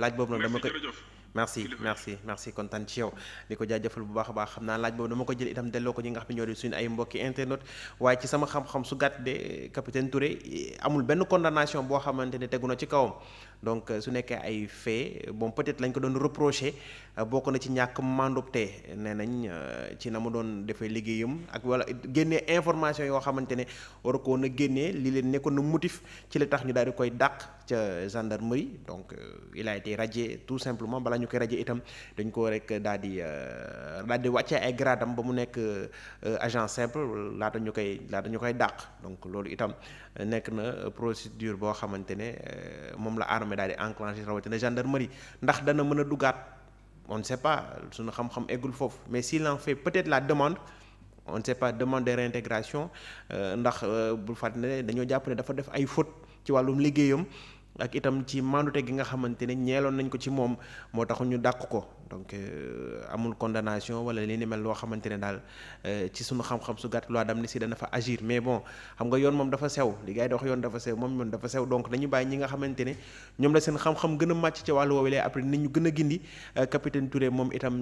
laaj boobu nag dama ko merci merci merci kontaan ci yow ni ko jaajëfal bu baax a baax xam naa laaj boobu dama ko jël itam delloo ko ñi nga xam ne ñoo di suñu ay mbokki internet waaye ci sama xam-xam su gàtt de capitaine Touré amul benn condamnation boo xamante ne tegu na ci kawam donc euh, su nekkee ay fait bon peut-être lañ ko doon reprocher euh, bokk na ci ñàkk mandopte nee nañ euh, ci na mu doon defee liggéeyam ak wala génne information yoo xamante ne war ko woon a génnee li leen nekkoon na motif ci la tax ñu daal di koy dàq ca gendarmerie donc il a été radié tout simplement balaa ñu koy radié itam dañ ko rek daal di daal di wàccee ay gradam ba mu nekk agent simple laata ñu koy laata ñu koy dàq donc loolu itam nekk na procédure boo xamante ne moom la armée armée daal di enclenché rawatina gendarmerie ndax dana mën a dugaat on ne sait pas suñu xam-xam eggul foofu mais si en fait peut-être la demande on ne sait demande de réintégration euh, ndax euh, bu fàtte ne dañoo jàpp ne dafa def ay faute ci wàllum liggéeyam ak itam ci mandute gi nga xamante ne ñeeloon nañ ko ci moom moo tax ñu dàq ko donc euh, amul condamnation wala li ni mel loo xamante ne daal euh, ci sunu xam-xam su gàtt loi si dana fa agir mais bon xam nga yoon moom dafa sew li gars yi yoon dafa sew moom yoon dafa sew donc nañu bàyyi nga xamante ne ñoom a màcc ci wàllu woowu lay après nañu gën a gindi euh, capitaine Touré moom itam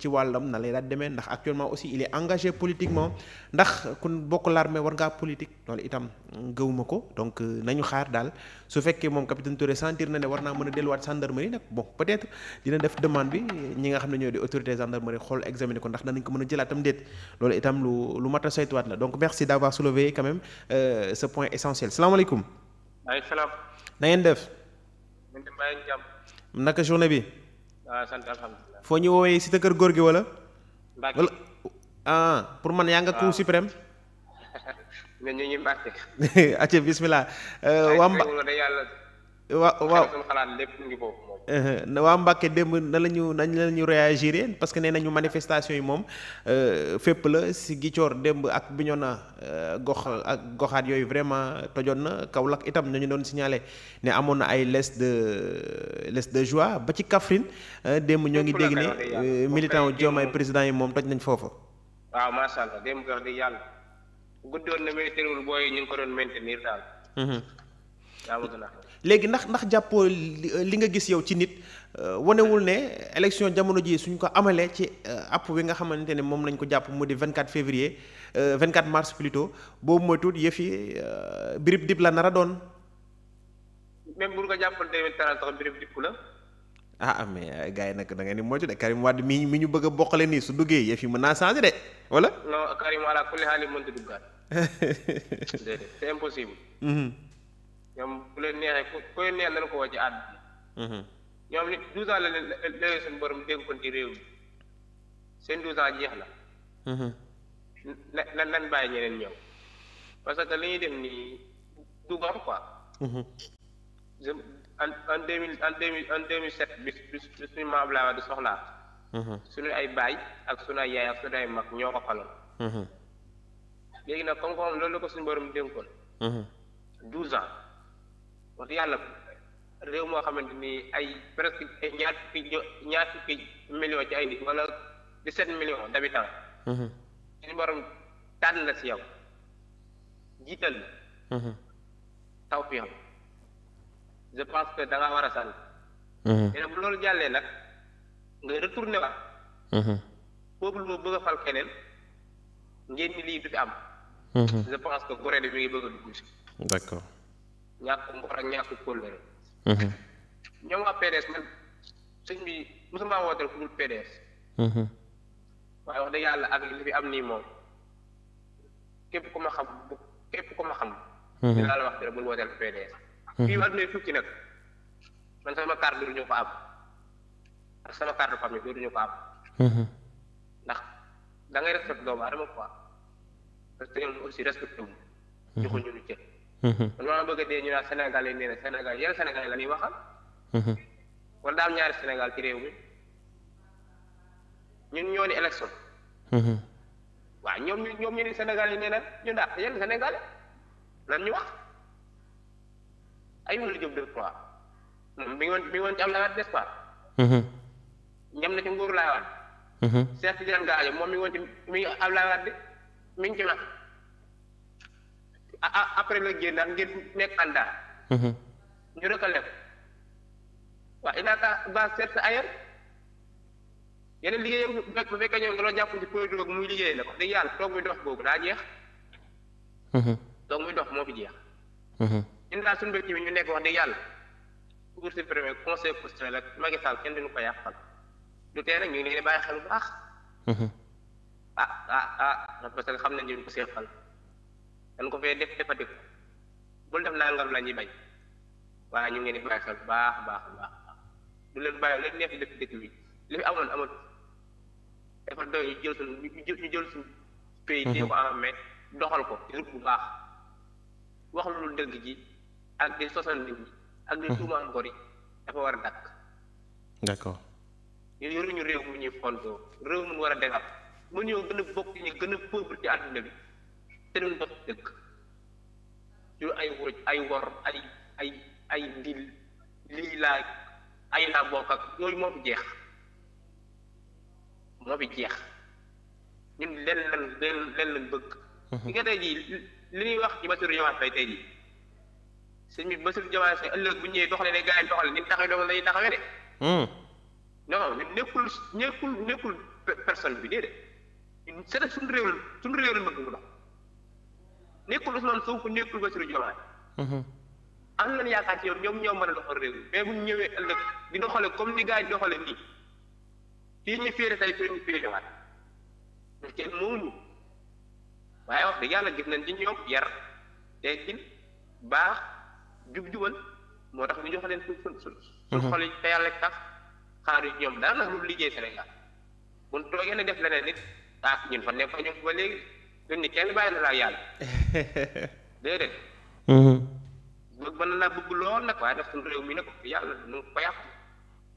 ci wàllam na lay daal demee ndax actuellement aussi il est engagé politiquement ndax ku bokk l'armée war ngaa politique loolu itam gëwuma ko donc nañu xaar daal su fekkee moom capitaine Touré sentir na ne war naa mën a delluwaat gendarmerie nag bon peut dina def demande bi ñi nga xam ne ñoo di autorité gendarmerie xool examiner ko ndax danañ ko mën a jëlaatam déet loolu itam lu lu mat a saytuwaat la donc merci d' avoir soulevé quand même euh, point essentiel salaamaaleykum. maaleykum na ngeen def. naka journée bi. waaw ah, sant alhamdulilah. foo ñu woowee si ta kër góor gi wala. wala ah pour man yaa nga Cour ah. suprême. ñu ñu Mbacke. bisimilah. Euh, waa Mba waa waaw xalaat lépp uh-huh. Mbacke démb na la ñu nañ la ñu réagir parce que nee nañu manifestation yi moom uh, fépp la si Gicoor démb ak Bignona uh, gox ak goxaat yooyu vraiment tojoon na Kaolack itam nañu doon signalé ne amoon na ay laisse de laisse de joie ba ci Kaffrine uh, démb ñoo ngi dégg ne militant wu Diomaye président yi moom toj nañ foofu. waaw macha léegi ndax ndax jàppoo li nga gis yow ci nit euh, wanewul ne élection jamono ji suñ ko amalee ci euh, app wi nga xamante ne moom lañ ko jàpp mu di 24 février 24 euh, mars plutôt boobu moytuwul yëf yi birib dib la nar a doon. même bu nga jàppoon 2030 sax birib la. ah, ah mais gars yi nag da ngeen di moytu de Karim Wade mi mi ñu bëgg a bokkale nii su duggee yëf yi mën naa changé de wala. non Karim ala kulli xaal mënut a duggaat. déedéet c'est impossible. Mhm. ñoom bu leen neexee ku ku leen neex ko woo ci àdd bi mm-hmm. la leen la leen borom dénkoon ci réew mi seen douze ans jeex na mm-hmm. na nan bàyyi ñeneen ñëw parce que li ñuy dem nii du baax quoi mm-hmm. je en en deux mille en deux mille en deux mille sept bi suñu maam laa wax di soxlaa suñu ay baay ak suñu ay yaay ak suñu ay mag ñoo ko faloon léegi nag comme comme loolu la ko suñu borom dénkoon douze ans wax yàlla réew moo xamante ni ay presque ay ñaar fukki ñaar million ci ay nit wala dix-sept millions d'habitants. Mm-hmm. suñu borom tànn la si yow jiital la. Mm-hmm. taw fi yow je pense que danga war a sànni. Mm-hmm. mais loolu jàllee nag nga retourné waat. peuple boobu bëgg a fal keneen ngeen ni lii du fi am. je pense que Gorée bi mi ngi bëgg a dugg si. d'accord. ñàkk ngor ak ñàkk kóllëre mhm. ñoom waa PDS man sëñ bi mosuma wooteel ku dul PDS mhm. waaye wax dëgg yàlla ak li fi am nii moom képp ku ma xam képp ku ma xam mhm. dinaa la wax dëgg bul wooteel PDS fii war na fukki nag man sama carte dootuñu ko am ak sama carte famille dootuñu ko am da ngay respecté doomu aadama quoi parce que ñoom aussi respecté wu ñu ko ñu cër man mm-hmm. maa bëgg dee ñu naan Sénégal yi nee na Sénégal yan Sénégal la ñuy waxal. Mm-hmm. wala daal ñaari Sénégal ci réew mi ñun ñoo ni élection. Mm-hmm. waaw ñoom ñu ñoom ñu ni Sénégal yi nee na ñu daal yan Sénégal lan wax ay wala jëm de trois moom mi ngi woon mi ngi woon ci am nawet n'est-ce pas. ñam na ci nguur laa waat. Cheikh Tidiane Gadio moom mi ngi ci mi ngi am laa de mi ngi ci mag. après la génnaat ngir nekk candidat. Mhm. ñu recalé ko waaw il a va seet sa ayer yeneen liggéeyam bu fekk bu fekkee ñoom dañoo jàpp ci projet la ko dëgg yàlla toog muy dox boobu daa jeex. Mhm. dox moo fi jeex. Mhm. ñun daal suñu bëcc bi ñu nekk wax di yàlla cour suprême conseil constitutionnel ak Macky Sall kenn duñu ko yàqal du tee ñu ngi bàyyi xel bu baax. ah ah ah parce xam nañ ñu ko seexal. dañ ko fee def defati ko bul def nangam la ñuy bañ waaye ñu ngi leen di bàyyi xel baax baax baax du leen bàyyi leen neex dëkk dëkk bi li fi amoon amatu dafa doy ñu jël ñu jël suñu pays di ko doxal ko bu baax wax lu dëgg ji ak di sosal ak di hmm. tuumaal dafa war a dakk d'accord ñu réew mu ñuy fontoo réew mu war a defar mu ñëw gën bokk ñu gën a ci àdduna bi te du doon dëkk du ay wuruj ay wor ay ay ay lii laa ay laa bokk ak yooyu moo fi jeex moo jeex ñun leen lan leen leen lan bëgg li mhm. nga tey jii li ñuy wax ci Bassirou Diomaye Faye tey jii sëñ bi Bassirou Diomaye ëllëg bu ñëwee doxalee ne gars yi doxale ni taxawee doon lañuy taxawee de hmm. non nekkul nekkul nekkul personne bi déedéet ñun c'est suñu réew suñu réew la bëgg mu nekkul Ousmane Sonko nekkul Bassirou Diomaye mhm. am nañu yaakaar ci yow ñoom ñoo mën a doxal réew mi mais bu ñu ñëwee ëllëg di doxale comme ni gars yi doxale nii fii ñu féere tey fii ñu féere waat ndax kenn moomuñu waaye wax dëgg yàlla gis nañ ci ñoom yar teggin baax jub-jubal moo tax ñu jox leen suñ suñ suñ mhm. suñ xol yi te yàlla tax xaar yu ñoom dara nag lu liggéey Sénégal buñ toogee nag def leneen nit ah ñun fa nekk fa ñoom ba léegi dañ ne kenn bàyyi la laa yàlla déedéet bëgg mm-hmm. mën naa bëgg lool nag waaye daf suñu réew mi ne ko yàlla nu ko yàq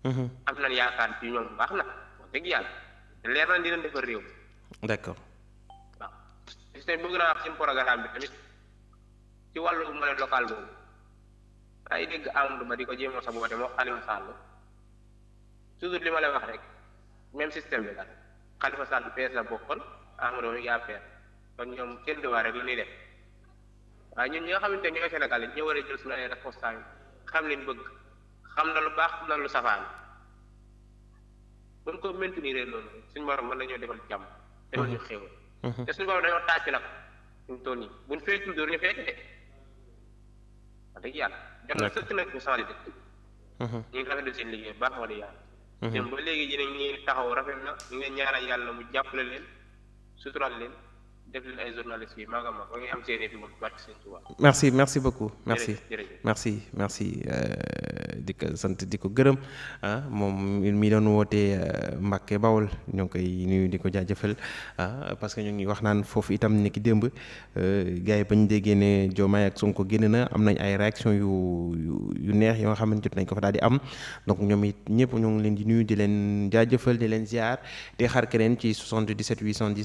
mm-hmm. am baax nag dëgg yàlla te leer na dinañ defar réew d'accord waaw gis nañ bëgg naa wax seen programme bi tamit ci wàllu monnaie locale boobu ay dégg Amadou Ba di ko jéemoon sa boote moo Khalifa Sall toujours li ma lay wax rek même système bi la Khalifa Sall PS la bokkoon Amadou Ba mi ngi APR kon ñoom seen devoir rek la ñuy def waaye ñun ñi nga xamante ne ñooy Sénégal yi ñoo war a jël suñu ay xam leen bëgg xam na lu baax xam lu safaan buñ ko maintenir loolu suñu borom mën nañoo defal jàmm defal ñu xéewal mhm. te suñu borom dañoo tàcc nag suñu tool yi buñ fekkul dóor de wax dëgg yàlla jot na sëkk nag ñu sawali de mhm. ñu ngi rafetlu seen liggéey baax wala yàlla mhm. dem ba léegi dinañ ñi taxaw rafet na ñu ngi ñaanal yàlla mu jàppale leen sutural leen def leen ay journalistes ma ba merci merci beaucoup merci merci merci euh, di ko sant di ko gërëm ah moom mi doon wootee euh, Mbàkke Bawol ñoo ngi koy nuyu di ko jaajëfal ah parce que ñu ngi wax naan foofu itam ni ki démb euh, gars yi bañ déggee ne Diomaye ak Sonko génn na am nañ ay réaction yu yu neex yoo nga xam jot nañ ko fa daal di am donc ñoom it ñëpp ñoo ngi leen di nuyu di leen jaajëfal di leen ziar di xaar keneen ci 77 810